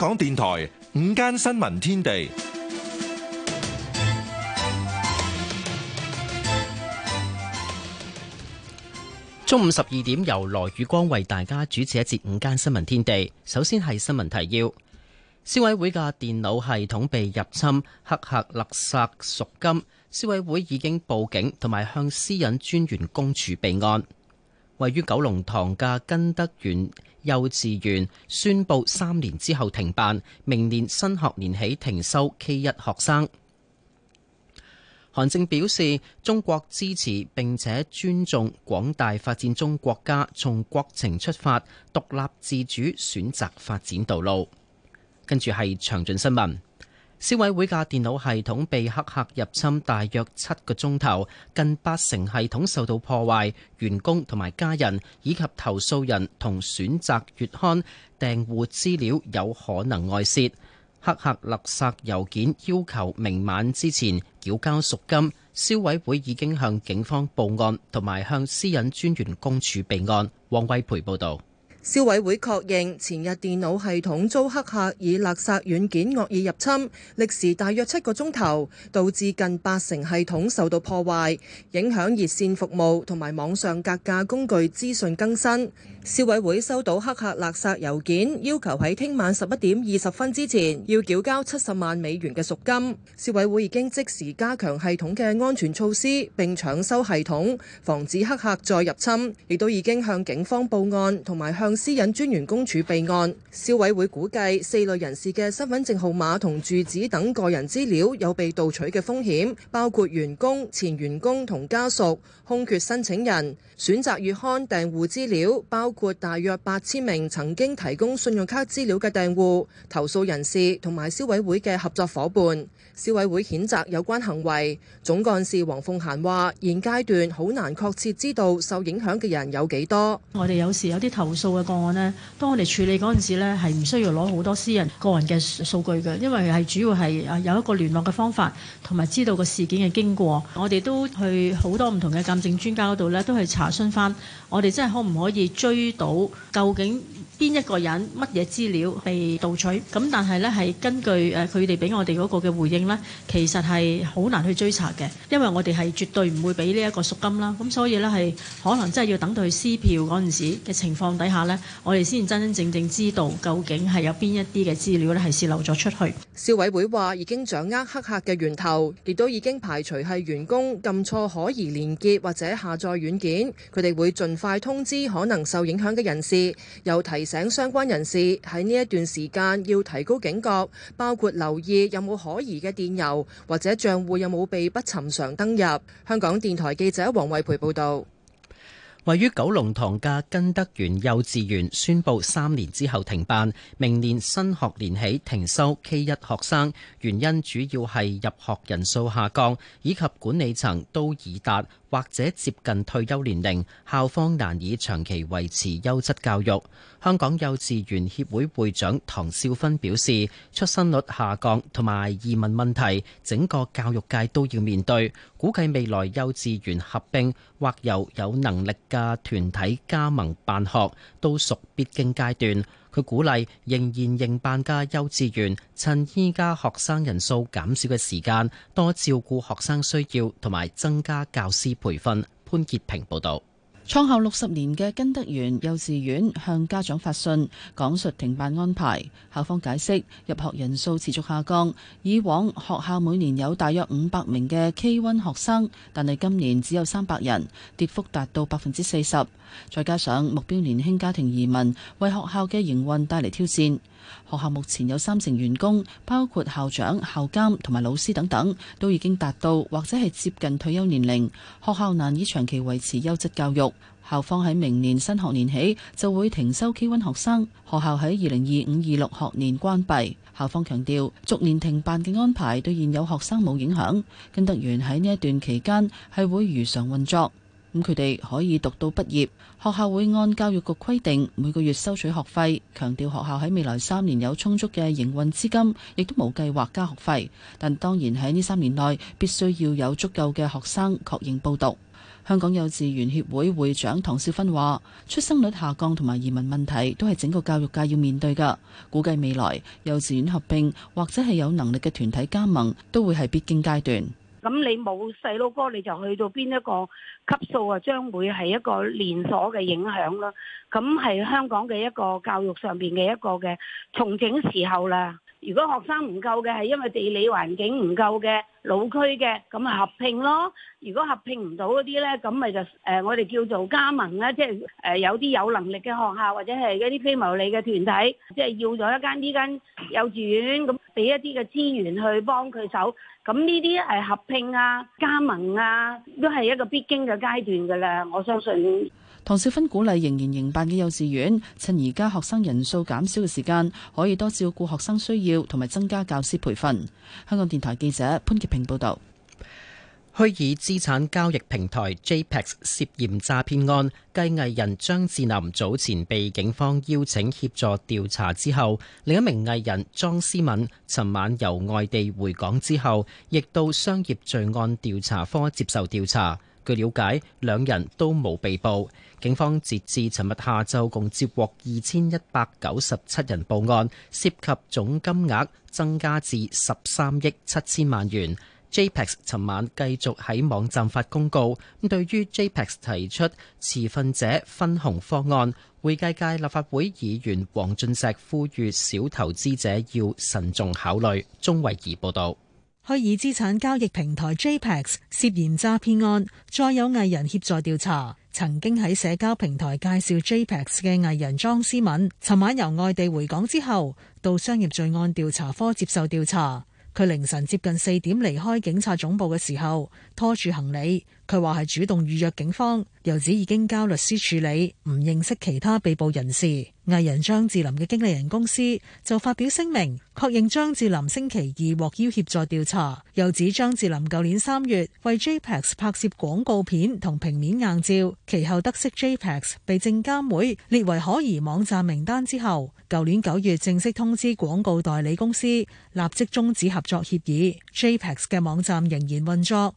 港電台午間新聞天地，中午十二點由羅宇光為大家主持一節午間新聞天地。首先係新聞提要：消委會嘅電腦系統被入侵，黑客勒索贖金，消委會已經報警同埋向私隱專員公署備案。位於九龍塘嘅根德園幼稚園宣布三年之後停辦，明年新學年起停收 K 一學生。韓正表示，中國支持並且尊重廣大發展中國家從國情出發，獨立自主選擇發展道路。跟住係詳盡新聞。消委會架電腦系統被黑客入侵大約七個鐘頭，近八成系統受到破壞，員工同埋家人以及投訴人同選擇月刊訂戶資料有可能外泄。黑客垃圾郵件要求明晚之前繳交贖金，消委會已經向警方報案同埋向私隱專員公署備案。王威培報道。消委會確認前日電腦系統遭黑客以勒索軟件惡意入侵，歷時大約七個鐘頭，導致近八成系統受到破壞，影響熱線服務同埋網上格價工具資訊更新。消委會收到黑客垃圾郵件，要求喺聽晚十一點二十分之前要繳交七十萬美元嘅贖金。消委會已經即時加強系統嘅安全措施，並搶修系統，防止黑客再入侵，亦都已經向警方報案同埋向私隱專員公署備案，消委會估計四類人士嘅身份證號碼同住址等個人資料有被盜取嘅風險，包括員工、前員工同家屬。空缺申請人選擇月刊訂戶資料，包括大約八千名曾經提供信用卡資料嘅訂戶、投訴人士同埋消委會嘅合作夥伴。消委會譴責有關行為。總幹事黃鳳嫻話：現階段好難確切知道受影響嘅人有幾多。我哋有時有啲投訴嘅個案咧，當我哋處理嗰陣時咧，係唔需要攞好多私人個人嘅數據嘅，因為係主要係有一個聯絡嘅方法，同埋知道個事件嘅經過，我哋都去好多唔同嘅。政專家嗰度咧，都係查詢翻，我哋真係可唔可以追到究竟？邊一個人乜嘢資料被盜取？咁但係呢，係根據誒佢哋俾我哋嗰個嘅回應呢，其實係好難去追查嘅，因為我哋係絕對唔會俾呢一個贖金啦。咁所以呢，係可能真係要等到去撕票嗰陣時嘅情況底下呢，我哋先真真正正知道究竟係有邊一啲嘅資料呢係洩漏咗出去。消委會話已經掌握黑客嘅源頭，亦都已經排除係員工撳錯可疑連結或者下載軟件，佢哋會盡快通知可能受影響嘅人士，又提請相關人士喺呢一段時間要提高警覺，包括留意有冇可疑嘅電郵或者賬戶有冇被不尋常登入。香港電台記者黃慧培報道。位於九龍塘嘅根德園幼稚園宣布三年之後停辦，明年新學年起停收 K 一學生，原因主要係入學人數下降以及管理層都已達。或者接近退休年齡，校方難以長期維持優質教育。香港幼稚園協會會長唐少芬表示，出生率下降同埋移民問題，整個教育界都要面對。估計未來幼稚園合併或由有能力嘅團體加盟辦學，都屬必經階段。佢鼓勵仍然認辦嘅幼稚園，趁依家學生人數減少嘅時間，多照顧學生需要，同埋增加教師培訓。潘潔平報導。創校六十年嘅根德園幼稚園向家長發信，講述停辦安排。校方解釋，入學人數持續下降，以往學校每年有大約五百名嘅 K1 學生，但係今年只有三百人，跌幅達到百分之四十。再加上目標年輕家庭移民，為學校嘅營運帶嚟挑戰。學校目前有三成員工，包括校長、校監同埋老師等等，都已經達到或者係接近退休年齡。學校難以長期維持優質教育。校方喺明年新學年起就會停收 K1 學生，學校喺二零二五二六學年關閉。校方強調逐年停辦嘅安排對現有學生冇影響，根德園喺呢一段期間係會如常運作。咁佢哋可以讀到畢業，學校會按教育局規定每個月收取學費。強調學校喺未來三年有充足嘅營運資金，亦都冇計劃加學費。但當然喺呢三年內，必須要有足夠嘅學生確認報讀。香港幼稚園協會會長唐少芬話，出生率下降同埋移民問題都係整個教育界要面對噶。估計未來幼稚園合併或者係有能力嘅團體加盟都會係必經階段。咁你冇細佬哥，你就去到邊一個級數啊？將會係一個連鎖嘅影響啦。咁係香港嘅一個教育上邊嘅一個嘅重整時候啦。如果學生唔夠嘅，係因為地理環境唔夠嘅老區嘅，咁啊，合併咯。如果合併唔到嗰啲呢，咁咪就誒我哋叫做加盟啦，即係誒有啲有能力嘅學校或者係一啲非牟利嘅團體，即係要咗一間呢間幼稚園咁，俾一啲嘅資源去幫佢手。咁呢啲係合併啊、加盟啊，都係一個必經嘅階段㗎啦。我相信唐小芬鼓勵仍然營辦嘅幼稚園，趁而家學生人數減少嘅時間，可以多照顧學生需要，同埋增加教師培訓。香港電台記者潘潔平報導。虛擬資產交易平台 JPEX 涉嫌詐騙案，繼藝人張智霖早前被警方邀請協助調查之後，另一名藝人莊思敏尋晚由外地回港之後，亦到商業罪案調查科接受調查。據了解，兩人都冇被捕。警方截至尋日下晝共接獲二千一百九十七人報案，涉及總金額增加至十三億七千萬元。JPEX 尋晚繼續喺網站發公告，咁對於 JPEX 提出持份者分紅方案，會計界立法會議員黃俊石呼籲小投資者要慎重考慮。鍾慧儀報道，虛擬資產交易平台 JPEX 涉嫌詐騙案，再有藝人協助調查。曾經喺社交平台介紹 JPEX 嘅藝人莊思敏，尋晚由外地回港之後，到商業罪案調查科接受調查。佢凌晨接近四點離開警察總部嘅時候，拖住行李。佢話係主動預約警方，又指已經交律師處理，唔認識其他被捕人士。藝人張智霖嘅經理人公司就發表聲明，確認張智霖星期二獲邀協助調查，又指張智霖舊年三月為 JPEX 拍攝廣告片同平面硬照，其後得悉 JPEX 被證監會列為可疑網站名單之後，舊年九月正式通知廣告代理公司立即終止合作協議，JPEX 嘅網站仍然運作。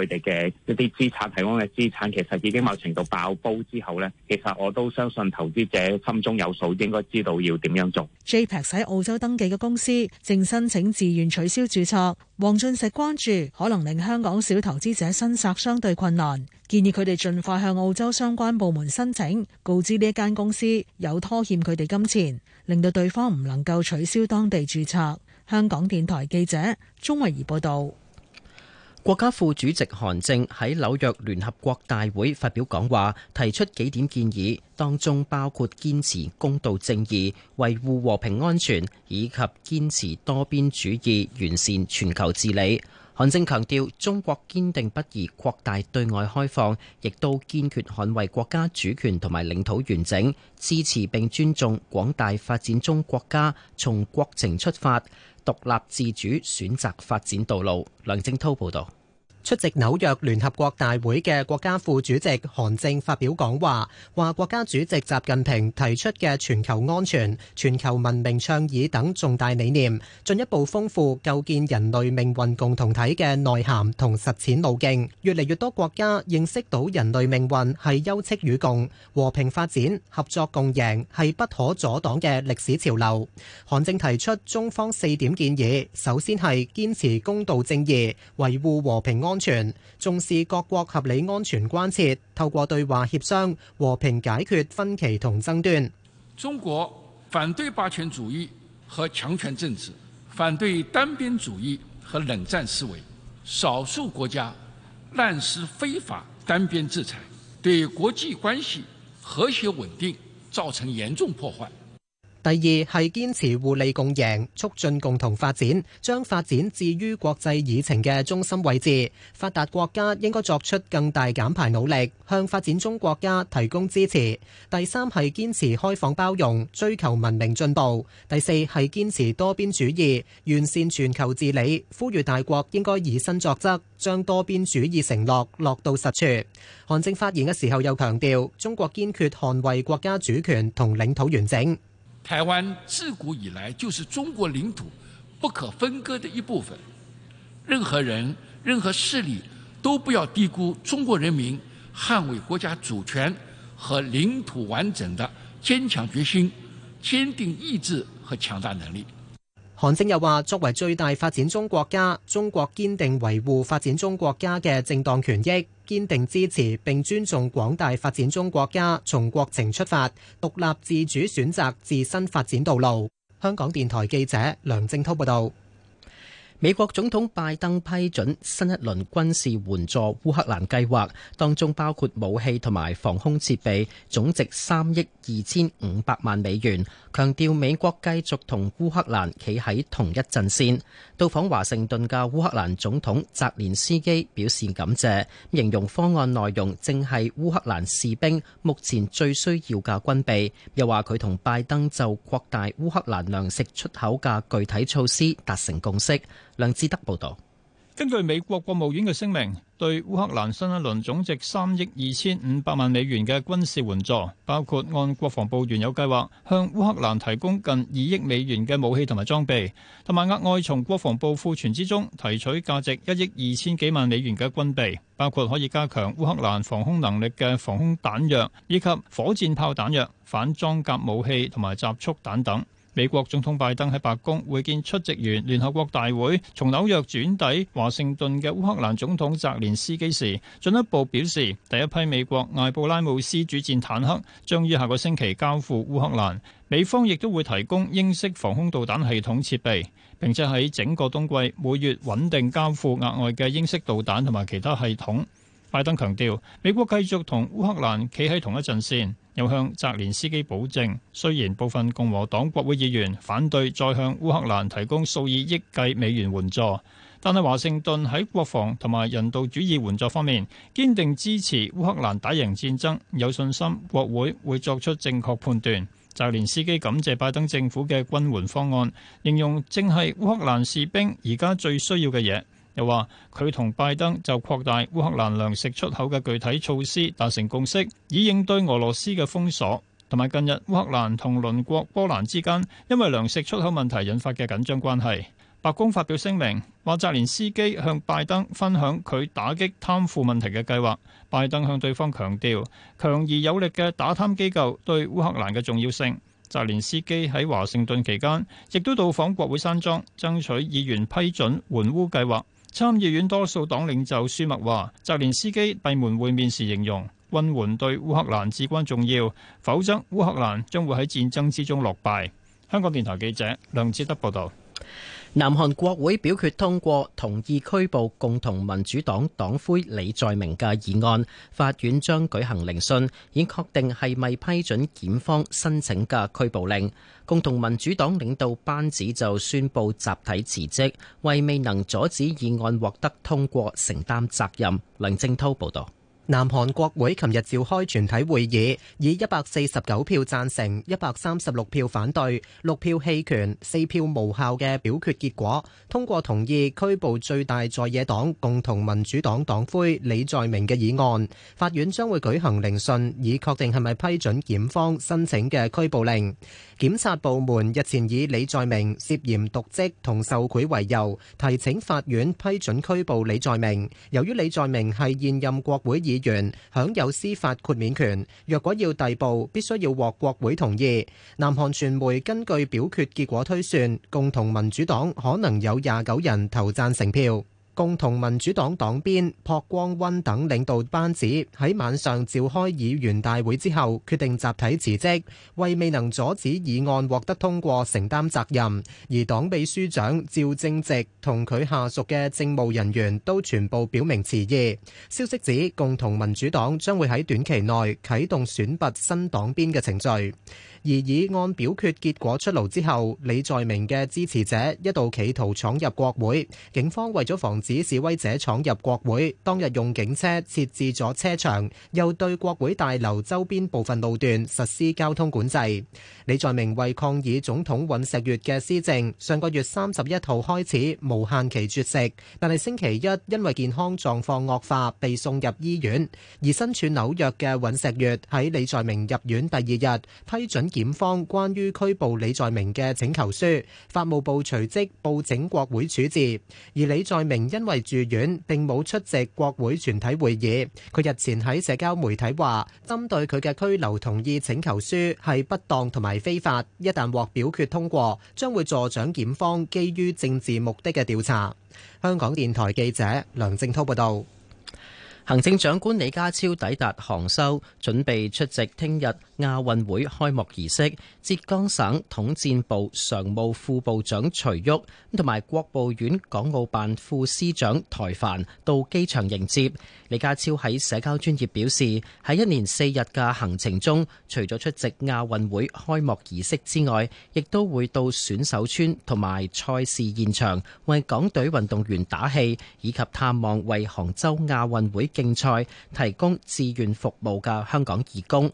佢哋嘅一啲資產，提供嘅資產其實已經某程度爆煲之後呢。其實我都相信投資者心中有數，應該知道要點樣做。JPEX 喺澳洲登記嘅公司正申請自願取消註冊。黃俊石關注可能令香港小投資者申索相對困難，建議佢哋盡快向澳洲相關部門申請，告知呢一間公司有拖欠佢哋金錢，令到對方唔能夠取消當地註冊。香港電台記者鍾維儀報道。國家副主席韓正喺紐約聯合國大會發表講話，提出幾點建議，當中包括堅持公道正義、維護和平安全，以及堅持多邊主義、完善全球治理。韓正強調，中國堅定不移擴大對外開放，亦都堅決捍衛國家主權同埋領土完整，支持並尊重廣大發展中國家從國情出發，獨立自主選擇發展道路。梁正濤報道。出席紐約聯合國大會嘅國家副主席韓正發表講話，話國家主席習近平提出嘅全球安全、全球文明倡議等重大理念，進一步豐富構建人類命運共同體嘅內涵同實踐路徑，越嚟越多國家認識到人類命運係休戚與共、和平發展、合作共贏係不可阻擋嘅歷史潮流。韓正提出中方四點建議，首先係堅持公道正義，維護和平安安全，重視各國合理安全關切，透過對話協商，和平解決分歧同爭端。中國反對霸權主義和強權政治，反對單邊主義和冷戰思維。少數國家濫施非法單邊制裁，對國際關係和諧穩定造成嚴重破壞。第二係堅持互利共贏，促進共同發展，將發展置於國際議程嘅中心位置。發達國家應該作出更大減排努力，向發展中國家提供支持。第三係堅持開放包容，追求文明進步。第四係堅持多邊主義，完善全球治理，呼籲大國應該以身作則，將多邊主義承諾落到實處。韓正發言嘅時候又強調，中國堅決捍衛國家主權同領土完整。台灣自古以來就是中國領土不可分割的一部分，任何人、任何勢力都不要低估中國人民捍衛國家主權和領土完整的堅強決心、堅定意志和強大能力。韓正又話，作為最大發展中國家，中國堅定維護發展中國家嘅正當權益。堅定支持並尊重廣大發展中國家從國情出發，獨立自主選擇自身發展道路。香港電台記者梁正濤報道。美國總統拜登批准新一輪軍事援助烏克蘭計劃，當中包括武器同埋防空設備，總值三億二千五百萬美元。強調美國繼續同烏克蘭企喺同一陣線。到訪華盛頓嘅烏克蘭總統澤連斯基表示感謝，形容方案內容正係烏克蘭士兵目前最需要嘅軍備。又話佢同拜登就擴大烏克蘭糧食出口嘅具體措施達成共識。梁志德報道，根據美國國務院嘅聲明，對烏克蘭新一輪總值三億二千五百萬美元嘅軍事援助，包括按國防部原有計劃向烏克蘭提供近二億美元嘅武器同埋裝備，同埋額外從國防部庫存之中提取價值一億二千幾萬美元嘅軍備，包括可以加強烏克蘭防空能力嘅防空彈藥，以及火箭炮彈藥、反裝甲武器同埋集束彈等。美國總統拜登喺白宮會見出席完聯合國大會，從紐約轉抵華盛頓嘅烏克蘭總統澤連斯基時，進一步表示，第一批美國艾布拉姆斯主戰坦克將於下個星期交付烏克蘭，美方亦都會提供英式防空導彈系統設備，並且喺整個冬季每月穩定交付額外嘅英式導彈同埋其他系統。拜登強調，美國繼續同烏克蘭企喺同一陣線，又向澤連斯基保證：雖然部分共和黨國會議員反對再向烏克蘭提供數以億計美元援助，但係華盛頓喺國防同埋人道主義援助方面堅定支持烏克蘭打贏戰爭，有信心國會會作出正確判斷。澤連斯基感謝拜登政府嘅軍援方案，形容正係烏克蘭士兵而家最需要嘅嘢。又話佢同拜登就擴大烏克蘭糧食出口嘅具體措施達成共識，以應對俄羅斯嘅封鎖，同埋近日烏克蘭同鄰國波蘭之間因為糧食出口問題引發嘅緊張關係。白宮發表聲明話，澤連斯基向拜登分享佢打擊貪腐問題嘅計劃。拜登向對方強調強而有力嘅打貪機構對烏克蘭嘅重要性。澤連斯基喺華盛頓期間亦都到訪國會山莊，爭取議員批准援烏計劃。參議院多數黨領袖舒默話：，澤連斯基閉門會面時形容，軍援對烏克蘭至關重要，否則烏克蘭將會喺戰爭之中落敗。香港電台記者梁志德報道。南韓國會表決通過同意拘捕共同民主黨黨魁李在明嘅議案，法院將舉行聆訊，以確定係咪批准檢方申請嘅拘捕令。共同民主黨領導班子就宣布集體辭職，為未能阻止議案獲得通過承擔責任。梁正滔報導。南韓國會琴日召開全體會議，以一百四十九票贊成、一百三十六票反對、六票棄權、四票無效嘅表決結果，通過同意拘捕最大在野黨共同民主黨黨魁李在明嘅議案。法院將會舉行聆訊，以確定係咪批准檢方申請嘅拘捕令。檢察部門日前以李在明涉嫌瀆職同受賄為由，提請法院批准拘捕李在明。由於李在明係現任國會議員，享有司法豁免權，若果要逮捕，必須要獲國會同意。南韓傳媒根據表決結果推算，共同民主黨可能有廿九人投贊成票。共同民主黨黨鞭朴光温等領導班子喺晚上召開議員大會之後，決定集體辭職，為未能阻止議案獲得通過承擔責任。而黨秘書長趙正直同佢下屬嘅政務人員都全部表明辭意。消息指，共同民主黨將會喺短期內啟動選拔新黨鞭嘅程序。而以按表決結果出爐之後，李在明嘅支持者一度企圖闖入國會，警方為咗防止示威者闖入國會，當日用警車設置咗車場，又對國會大樓周邊部分路段實施交通管制。李在明為抗議總統尹錫悅嘅施政，上個月三十一號開始無限期絕食，但係星期一因為健康狀況惡化被送入醫院。而身處紐約嘅尹錫悅喺李在明入院第二日批准。檢方關於拘捕李在明嘅請求書，法務部隨即報整國會處置。而李在明因為住院，並冇出席國會全體會議。佢日前喺社交媒體話，針對佢嘅拘留同意請求書係不當同埋非法，一旦獲表決通過，將會助長檢方基於政治目的嘅調查。香港電台記者梁正濤報道。行政長官李家超抵達杭州，準備出席聽日。亞運會開幕儀式，浙江省統戰部常務副部長徐旭，咁同埋國務院港澳辦副司長台帆到機場迎接李家超，喺社交專業表示，喺一連四日嘅行程中，除咗出席亞運會開幕儀式之外，亦都會到選手村同埋賽事現場為港隊運動員打氣，以及探望為杭州亞運會競賽提供志願服務嘅香港義工。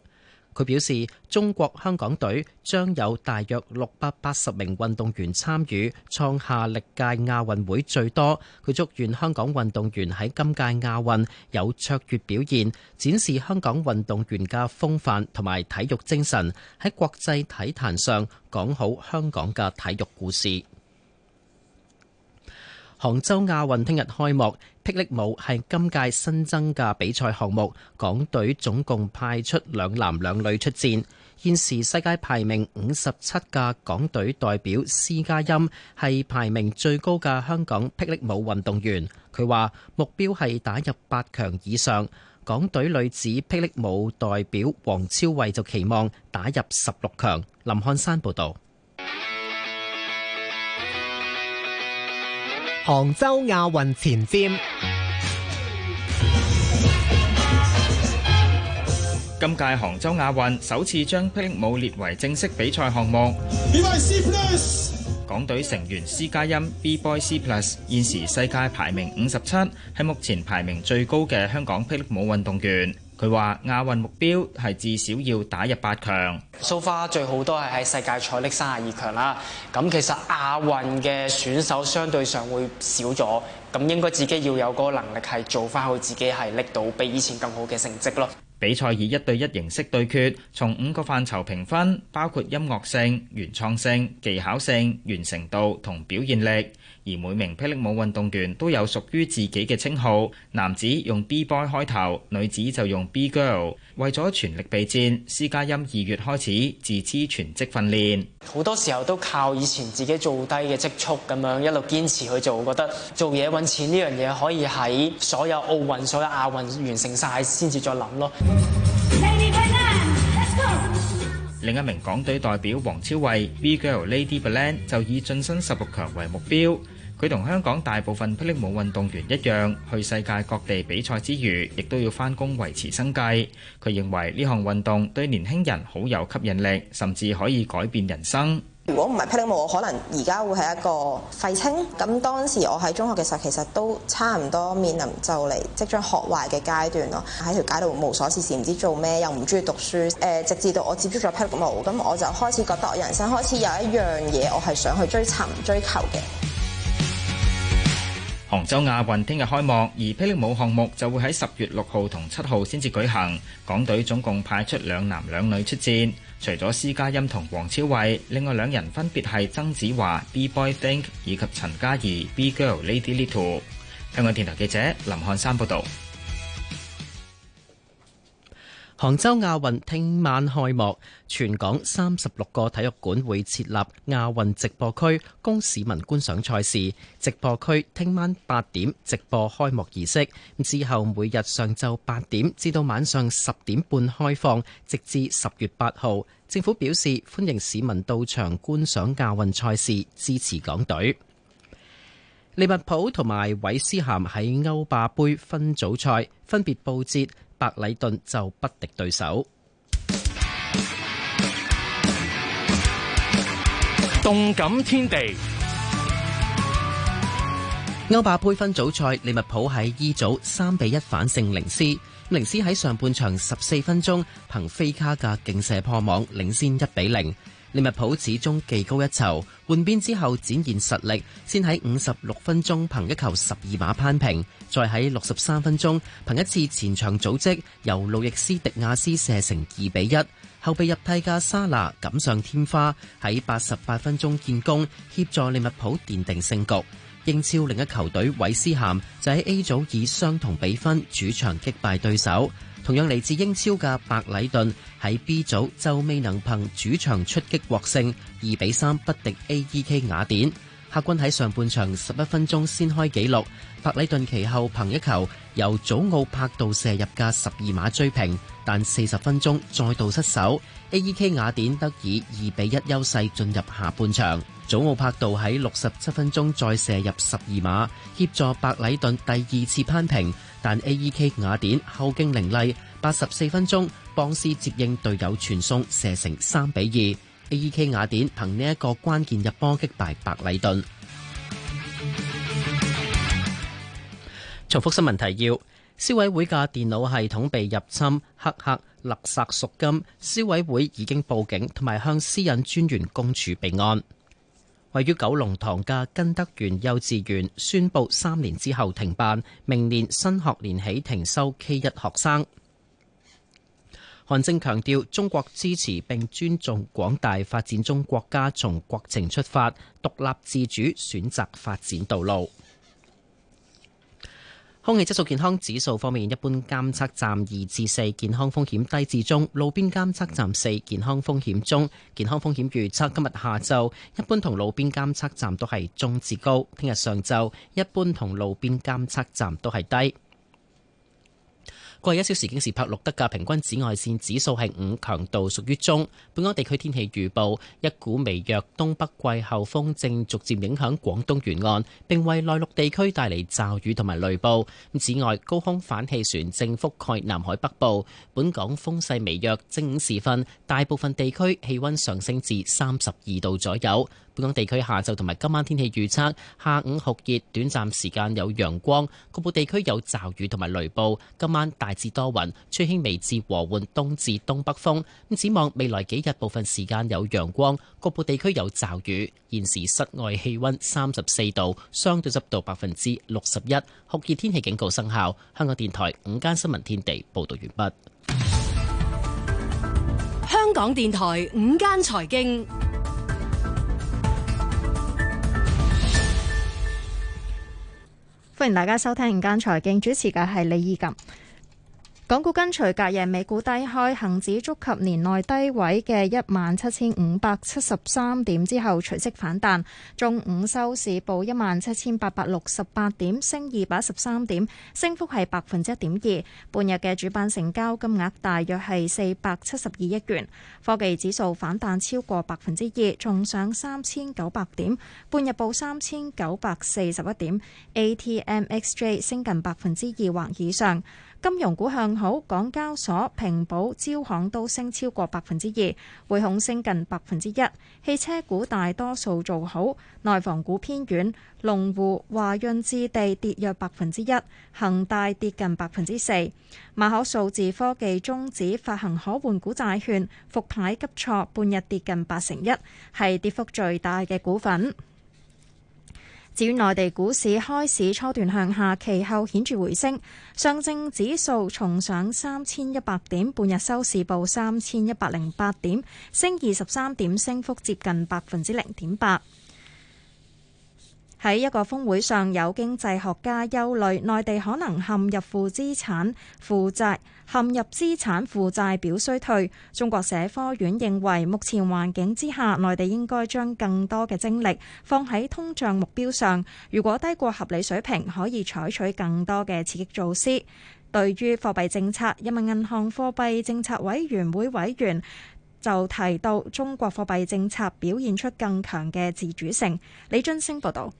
佢表示，中國香港隊將有大約六百八十名運動員參與，創下歷屆亞運會最多。佢祝願香港運動員喺今屆亞運有卓越表現，展示香港運動員嘅風範同埋體育精神，喺國際體壇上講好香港嘅體育故事。杭州亞運聽日開幕，霹靂舞係今屆新增嘅比賽項目。港隊總共派出兩男兩女出戰。現時世界排名五十七嘅港隊代表施嘉欣係排名最高嘅香港霹靂舞運動員。佢話目標係打入八強以上。港隊女子霹靂舞代表王超慧就期望打入十六強。林漢山報導。杭州亞運前瞻，今屆杭州亞運首次將霹靂舞列為正式比賽項目。港隊成員施嘉欣 （B-Boy C Plus） 現時世界排名五十七，係目前排名最高嘅香港霹靂舞運動員。佢話亞運目標係至少要打入八強。蘇花最好都係喺世界賽拎三十二強啦。咁其實亞運嘅選手相對上會少咗，咁應該自己要有嗰個能力係做翻佢自己係拎到比以前更好嘅成績咯。比賽以一對一形式對決，從五個範疇評分，包括音樂性、原創性、技巧性、完成度同表現力。而每名霹靂舞運動員都有屬於自己嘅稱號，男子用 B Boy 開頭，女子就用 B Girl。為咗全力備戰，施嘉欣二月開始自資全職訓練。好多時候都靠以前自己做低嘅積蓄，咁樣一路堅持去做，覺得做嘢揾錢呢樣嘢可以喺所有奧運、所有亞運完成晒先至再諗咯。 另一名港隊代表黃超慧 B Girl Lady Blend 就以晉身十六強為目標。佢同香港大部分霹靂舞運動員一樣，去世界各地比賽之餘，亦都要翻工維持生計。佢認為呢項運動對年輕人好有吸引力，甚至可以改變人生。如果唔係霹靂舞，我可能而家會係一個廢青。咁當時我喺中學嘅時候，其實都差唔多面臨就嚟即將學壞嘅階段咯。喺條街度無所事事，唔知做咩，又唔中意讀書，誒、呃，直至到我接觸咗霹靂舞，咁我就開始覺得我人生開始有一樣嘢，我係想去追尋追求嘅。杭州亞運聽日開幕，而霹靂舞項目就會喺十月六號同七號先至舉行。港隊總共派出兩男兩女出戰，除咗施嘉欣同黃超偉，另外兩人分別係曾子華 B boy Think 以及陳嘉怡 B girl Lady Little。香港電台記者林漢山報道。杭州亞運聽晚開幕，全港三十六個體育館會設立亞運直播區，供市民觀賞賽事。直播區聽晚八點直播開幕儀式，之後每日上晝八點至到晚上十點半開放，直至十月八號。政府表示歡迎市民到場觀賞亞運賽事，支持港隊。利物浦同埋韋斯咸喺歐霸杯分組賽分別報捷。白禮頓就不敵對手。動感天地，歐霸盃分組賽，利物浦喺 E 組三比一反勝靈斯。咁靈斯喺上半場十四分鐘憑飛卡嘅勁射破網，領先一比零。利物浦始終技高一籌，換邊之後展現實力，先喺五十六分鐘憑一球十二碼扳平，再喺六十三分鐘憑一次前場組織，由路易斯迪亞斯射成二比一。後備入替嘅沙拿錦上添花，喺八十八分鐘建功，協助利物浦奠定勝局。英超另一球隊韋斯咸就喺 A 組以相同比分主場擊敗對手。同樣嚟自英超嘅白禮頓喺 B 組就未能憑主場出擊獲勝，二比三不敵 AEK 雅典。客軍喺上半場十一分鐘先開紀錄，白禮頓其後憑一球。由祖奧柏度射入嘅十二碼追平，但四十分鐘再度失手，A.E.K. 雅典得以二比一優勢進入下半場。祖奧柏度喺六十七分鐘再射入十二碼，協助白禮頓第二次攀平。但 A.E.K. 雅典後勁凌厲，八十四分鐘邦斯接應隊友傳送射成三比二。A.E.K. 雅典憑呢一個關鍵入波擊敗白禮頓。重複新聞提要：消委會嘅電腦系統被入侵，黑客勒索贖金，消委會已經報警，同埋向私隱專員公署備案。位於九龍塘嘅根德園幼稚園宣布三年之後停辦，明年新學年起停收 K 一學生。韓正強調，中國支持並尊重廣大發展中國家從國情出發，獨立自主選擇發展道路。空氣質素健康指數方面，一般監測站二至四，健康風險低至中；路邊監測站四，健康風險中。健康風險預測今日下晝一般同路邊監測站都係中至高，聽日上晝一般同路邊監測站都係低。過去一小時，京士柏錄得嘅平均紫外線指數係五，強度屬於中。本港地區天氣預報，一股微弱東北季候風正逐漸影響廣東沿岸，並為內陸地區帶嚟驟雨同埋雷暴。此外，高空反氣旋正覆蓋南海北部，本港風勢微弱。正午時分，大部分地區氣溫上升至三十二度左右。本港地區下晝同埋今晚天氣預測：下午酷熱，短暫時間有陽光；局部地區有驟雨同埋雷暴。今晚大致多雲，吹輕微至和緩東至東北風。咁展望未來幾日，部分時間有陽光，局部地區有驟雨。現時室外氣溫三十四度，相對濕度百分之六十一，酷熱天氣警告生效。香港電台午間新聞天地報道完畢。香港電台午間財經。歡迎大家收聽《午間財經》，主持嘅係李意錦。港股跟隨隔夜美股低開，恒指觸及年內低位嘅一萬七千五百七十三點之後，隨即反彈，中午收市報一萬七千八百六十八點，升二百一十三點，升幅係百分之一點二。半日嘅主板成交金額大約係四百七十二億元。科技指數反彈超過百分之二，仲上三千九百點，半日報三千九百四十一點。A T M X J 升近百分之二或以上。金融股向好，港交所、平保、招行都升超過百分之二，匯控升近百分之一。汽車股大多數做好，內房股偏軟，龍湖、華潤置地跌約百分之一，恒大跌近百分之四。馬可數字科技終止發行可換股債券復牌急挫，半日跌近八成一，係跌幅最大嘅股份。至於內地股市開市，初段向下，其後顯著回升，上證指數重上三千一百點，半日收市報三千一百零八點，升二十三點，升幅接近百分之零點八。喺一個峰會上，有經濟學家憂慮內地可能陷入負資產負債、陷入資產負債表衰退。中國社科院認為，目前環境之下，內地應該將更多嘅精力放喺通脹目標上。如果低過合理水平，可以採取更多嘅刺激措施。對於貨幣政策，人民銀行貨幣政策委員會委員就提到，中國貨幣政策表現出更強嘅自主性。李津升報道。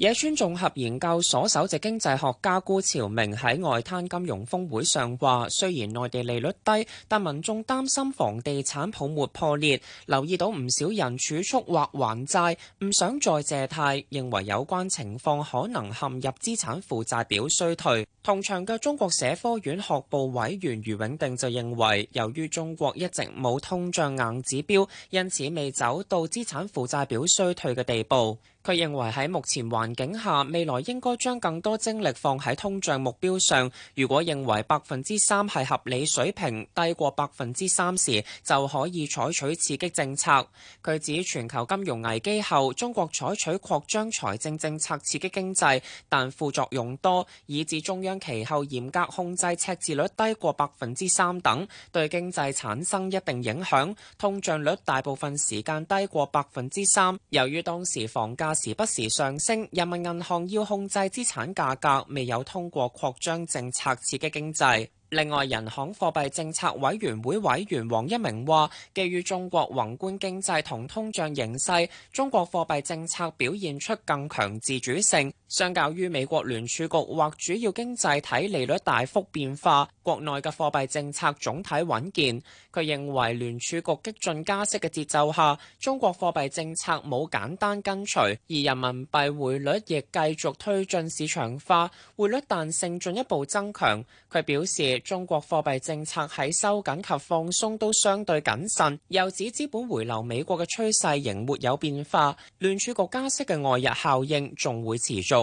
野村綜合研究所首席經濟學家辜朝明喺外灘金融峰會上話，雖然內地利率低，但民眾擔心房地產泡沫破裂，留意到唔少人儲蓄或還債，唔想再借貸，認為有關情況可能陷入資產負債表衰退。同場嘅中國社科院學部委員余永定就認為，由於中國一直冇通脹硬指標，因此未走到資產負債表衰退嘅地步。佢認為喺目前環境下，未來應該將更多精力放喺通脹目標上。如果認為百分之三係合理水平，低過百分之三時就可以採取刺激政策。佢指全球金融危機後，中國採取擴張財政政策刺激經濟，但副作用多，以致中央其後嚴格控制赤字率低過百分之三等，對經濟產生一定影響。通脹率大部分時間低過百分之三，由於當時房價，時不時上升，人民銀行要控制資產價格，未有通過擴張政策刺激經濟。另外，人行貨幣政策委員會委員王一鳴話，基於中國宏觀經濟同通脹形勢，中國貨幣政策表現出更強自主性。相較於美國聯儲局或主要經濟體利率大幅變化，國內嘅貨幣政策總體穩健。佢認為聯儲局激進加息嘅節奏下，中國貨幣政策冇簡單跟隨，而人民幣匯率亦繼續推進市場化，匯率彈性進一步增強。佢表示中國貨幣政策喺收緊及放鬆都相對謹慎，又指資本回流美國嘅趨勢仍沒有變化，聯儲局加息嘅外溢效應仲會持續。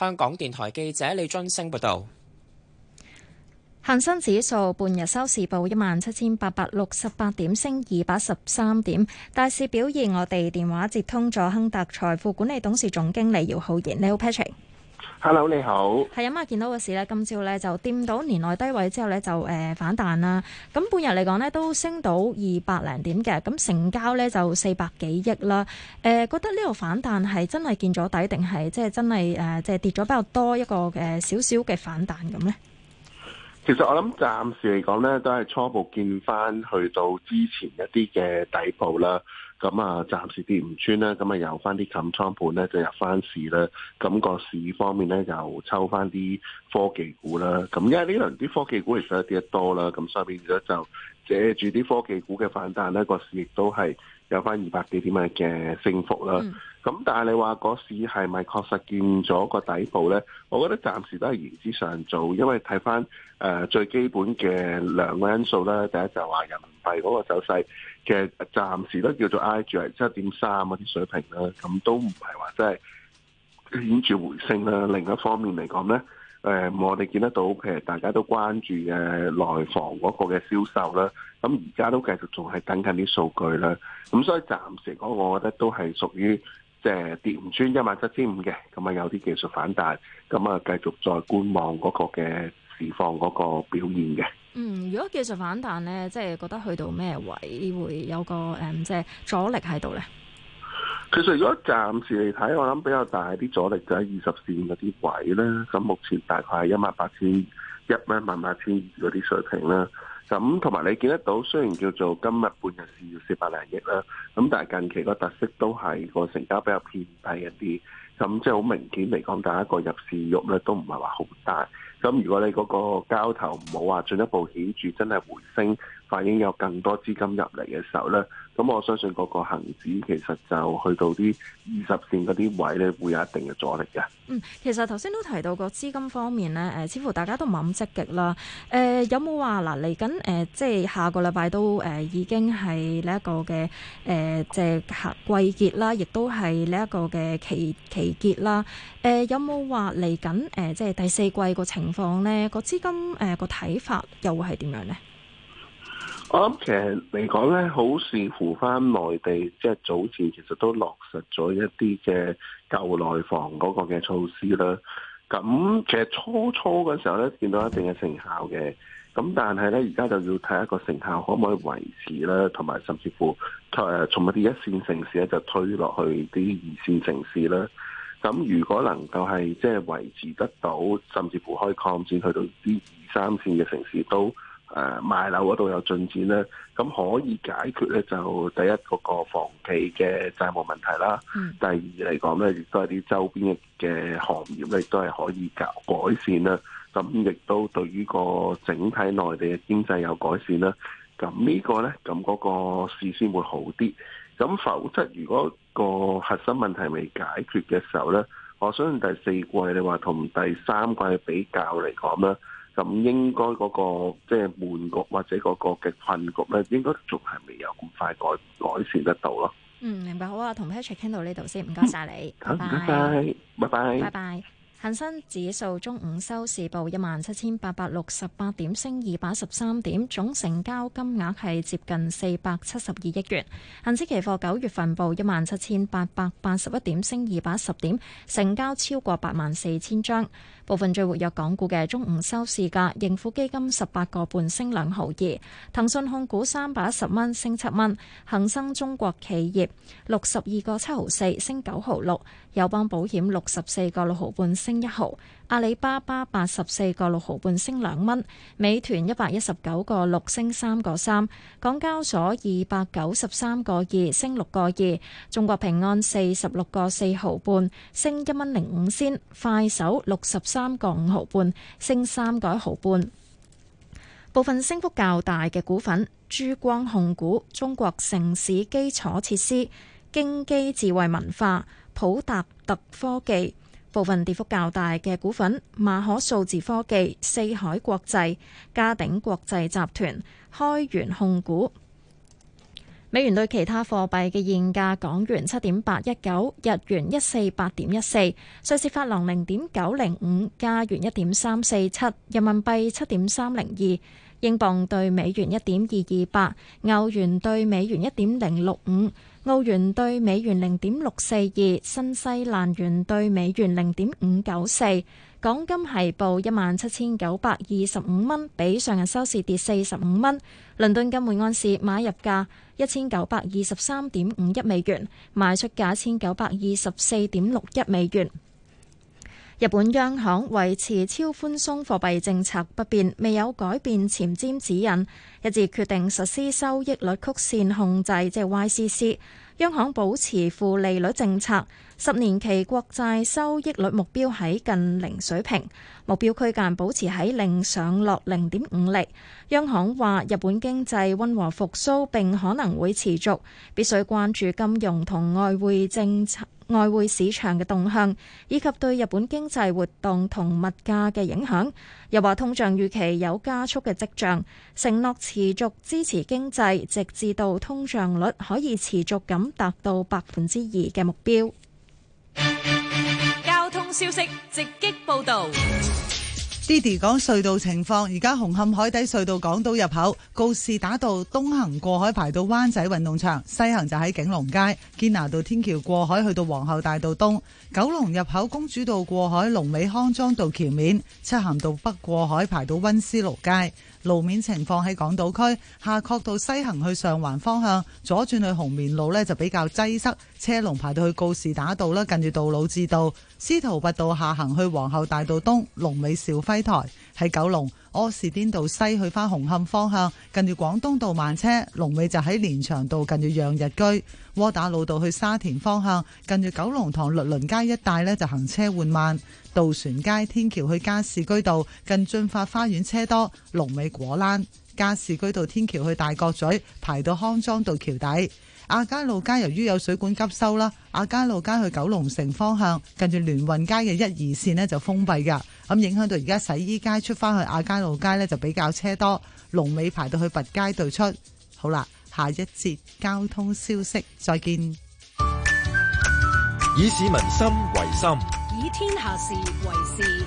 香港電台記者李俊升報道，恒生指數半日收市報一萬七千八百六十八點，升二百十三點。大市表現，我哋電話接通咗亨達財富管理董事總經理姚浩然。 你好，Patrick。hello，你好，係咁啊！見到個市咧，今朝咧就掂到年內低位之後咧，就誒反彈啦。咁半日嚟講咧，都升到二百零點嘅，咁成交咧就四百幾億啦。誒，覺得呢個反彈係真係見咗底，定係即係真係誒，即係跌咗比較多一個誒，少少嘅反彈咁咧？其實我諗暫時嚟講咧，都係初步見翻去到之前一啲嘅底部啦。咁啊，暫時跌唔穿啦。咁啊，有翻啲冚倉盤咧，就入翻市啦。咁個市方面咧，又抽翻啲科技股啦。咁因為呢輪啲科技股其實有跌得多啦，咁所以變咗就借住啲科技股嘅反彈咧，個市亦都係有翻二百幾點嘅升幅啦。咁、嗯、但係你話個市係咪確實見咗個底部咧？我覺得暫時都係言之尚早，因為睇翻誒最基本嘅兩個因素啦。第一就話人民幣嗰個走勢。嘅暫時都叫做挨住係七點三嗰啲水平啦，咁都唔係話真係顯著回升啦。另一方面嚟講咧，誒、呃、我哋見得到其實大家都關注嘅內房嗰個嘅銷售啦，咁而家都繼續仲係等緊啲數據啦。咁所以暫時嗰個，我覺得都係屬於即係跌唔穿一萬七千五嘅，咁啊有啲技術反彈，咁啊繼續再觀望嗰個嘅市況嗰個表現嘅。嗯，如果技術反彈咧，即係覺得去到咩位會有個誒、嗯，即係阻力喺度咧？其實如果暫時嚟睇，我諗比較大啲阻力就喺二十線嗰啲位啦。咁目前大概係一萬八千一咧，萬八千二嗰啲水平啦。咁同埋你見得到，雖然叫做今日半日市要四百零億啦，咁但係近期個特色都係個成交比較偏低一啲。咁即係好明顯嚟講，第一個入市慾咧都唔係話好大。咁如果你嗰個交投唔好話進一步顯著真係回升，反映有更多資金入嚟嘅時候咧。咁我相信嗰個恆指其實就去到啲二十線嗰啲位咧，會有一定嘅阻力嘅。嗯，其實頭先都提到個資金方面咧，誒、呃、似乎大家都唔係咁積極、呃、有有啦。誒有冇話嗱嚟緊誒，即係下個禮拜都誒、呃、已經係呢一個嘅誒、呃、即係季節季結啦，亦都係呢一個嘅期期結啦。誒、呃、有冇話嚟緊誒，即係第四季個情況咧，個資金誒個睇法又會係點樣咧？我諗其實嚟講咧，好視乎返內地，即係早前其實都落實咗一啲嘅救內房嗰個嘅措施啦。咁其實初初嘅時候咧，見到一定嘅成效嘅。咁但係咧，而家就要睇一個成效可唔可以維持啦，同埋甚至乎誒從一啲一線城市咧，就推落去啲二線城市啦。咁如果能夠係即係維持得到，甚至乎可以擴展去到啲二三線嘅城市都。誒、啊、賣樓嗰度有進展啦，咁可以解決咧就第一嗰個房企嘅債務問題啦。嗯、第二嚟講咧，亦都係啲周邊嘅嘅行業咧，都係可以改改善啦。咁亦都對於個整體內地嘅經濟有改善啦。咁呢個咧，咁嗰個事先會好啲。咁否則如果個核心問題未解決嘅時候咧，我相信第四季你話同第三季比較嚟講咧。咁應該嗰個即係悶局或者嗰個嘅困局咧，應該仲係未有咁快改改善得到咯。嗯，明白好啊，同 Patrick 傾到呢度先，唔該晒你，拜拜。嗯，拜拜，拜拜。恒生指數中午收市報一萬七千八百六十八點，升二百十三點，總成交金額係接近四百七十二億元。恒指期貨九月份報一萬七千八百八十一點，升二百十點，成交超過八萬四千張。部分最活躍港股嘅中午收市價，盈富基金十八個半升兩毫二，騰訊控股三百一十蚊升七蚊，恒生中國企業六十二個七毫四升九毫六，友邦保險六十四個六毫半升一毫。阿里巴巴八十四個六毫半升兩蚊，美團一百一十九個六升三個三，港交所二百九十三個二升六個二，中國平安四十六個四毫半升一蚊零五仙，快手六十三個五毫半升三個一毫半。部分升幅較大嘅股份：珠光控股、中國城市基礎設施、京基智慧文化、普達特科技。部分跌幅較大嘅股份：馬可數字科技、四海國際、嘉鼎國際集團、開源控股。美元對其他貨幣嘅現價：港元七點八一九，日元一四八點一四，瑞士法郎零點九零五，加元一點三四七，人民幣七點三零二，英鎊對美元一點二二八，歐元對美元一點零六五。澳元兌美元零點六四二，新西蘭元兌美元零點五九四，港金係報一萬七千九百二十五蚊，比上日收市跌四十五蚊。倫敦金每安士買入價一千九百二十三點五一美元，賣出價一千九百二十四點六一美元。日本央行維持超寬鬆貨幣政策不變，未有改變前瞻指引，一致決定實施收益率曲線控制，即係 YCC。央行保持負利率政策，十年期國債收益率目標喺近零水平，目標區間保持喺零上落零點五厘。央行話日本經濟溫和復甦，並可能會持續，必須關注金融同外匯政策。外匯市場嘅動向，以及對日本經濟活動同物價嘅影響，又話通脹預期有加速嘅跡象，承諾持續支持經濟，直至到通脹率可以持續咁達到百分之二嘅目標。交通消息，直擊報導。d i d 講隧道情況，而家紅磡海底隧道港島入口告士打道東行過海排到灣仔運動場，西行就喺景隆街堅拿道天橋過海去到皇后大道東，九龍入口公主道過海龍尾康莊道橋面，漆咸道北過海排到温思勞街。路面情況喺港島區夏慤道西行去上環方向左轉去紅棉路呢就比較擠塞，車龍排到去告士打道啦，近住道路至道、司徒拔道下行去皇后大道東龍尾兆輝台喺九龍。柯士甸道西去返紅磡方向，近住廣東道慢車；龍尾就喺連翔道近住洋日居；窩打老道去沙田方向，近住九龍塘律倫街一帶呢就行車緩慢；渡船街天橋去加士居道近駿發花園車多；龍尾果欄；加士居道天橋去大角咀排到康莊道橋底。亞皆老街由於有水管急修啦，亞皆老街去九龍城方向，近住聯運街嘅一二線呢就封閉噶，咁影響到而家洗衣街出翻去亞皆老街呢就比較車多，龍尾排到去拔街對出。好啦，下一節交通消息，再見。以市民心為心，以天下事為事。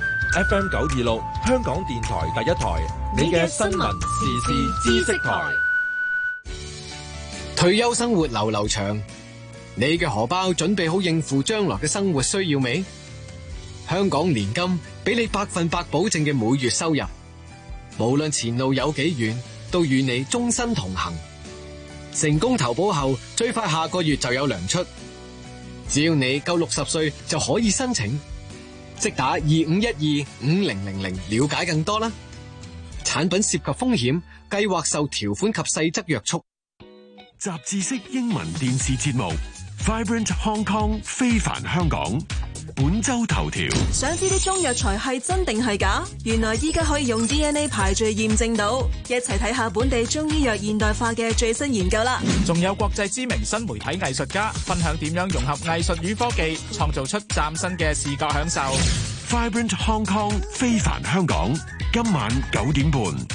FM 九二六，香港電台第一台，你嘅新聞時事知識台。退休生活流流長，你嘅荷包準備好應付將來嘅生活需要未？香港年金俾你百分百保證嘅每月收入，無論前路有幾遠，都與你終身同行。成功投保後，最快下個月就有糧出。只要你夠六十歲就可以申請，即打二五一二五零零零了解更多啦。產品涉及風險，計劃受條款及細則約束。雜誌式英文電視節目 Vibrant Hong Kong 非凡香港本周頭條，想知啲中藥材係真定係假？原來依家可以用 DNA 排序驗證到，一齊睇下本地中醫藥現代化嘅最新研究啦！仲有國際知名新媒體藝術家分享點樣融合藝術與科技，創造出嶄新嘅視覺享受。Vibrant Hong Kong 非凡香港今晚九點半。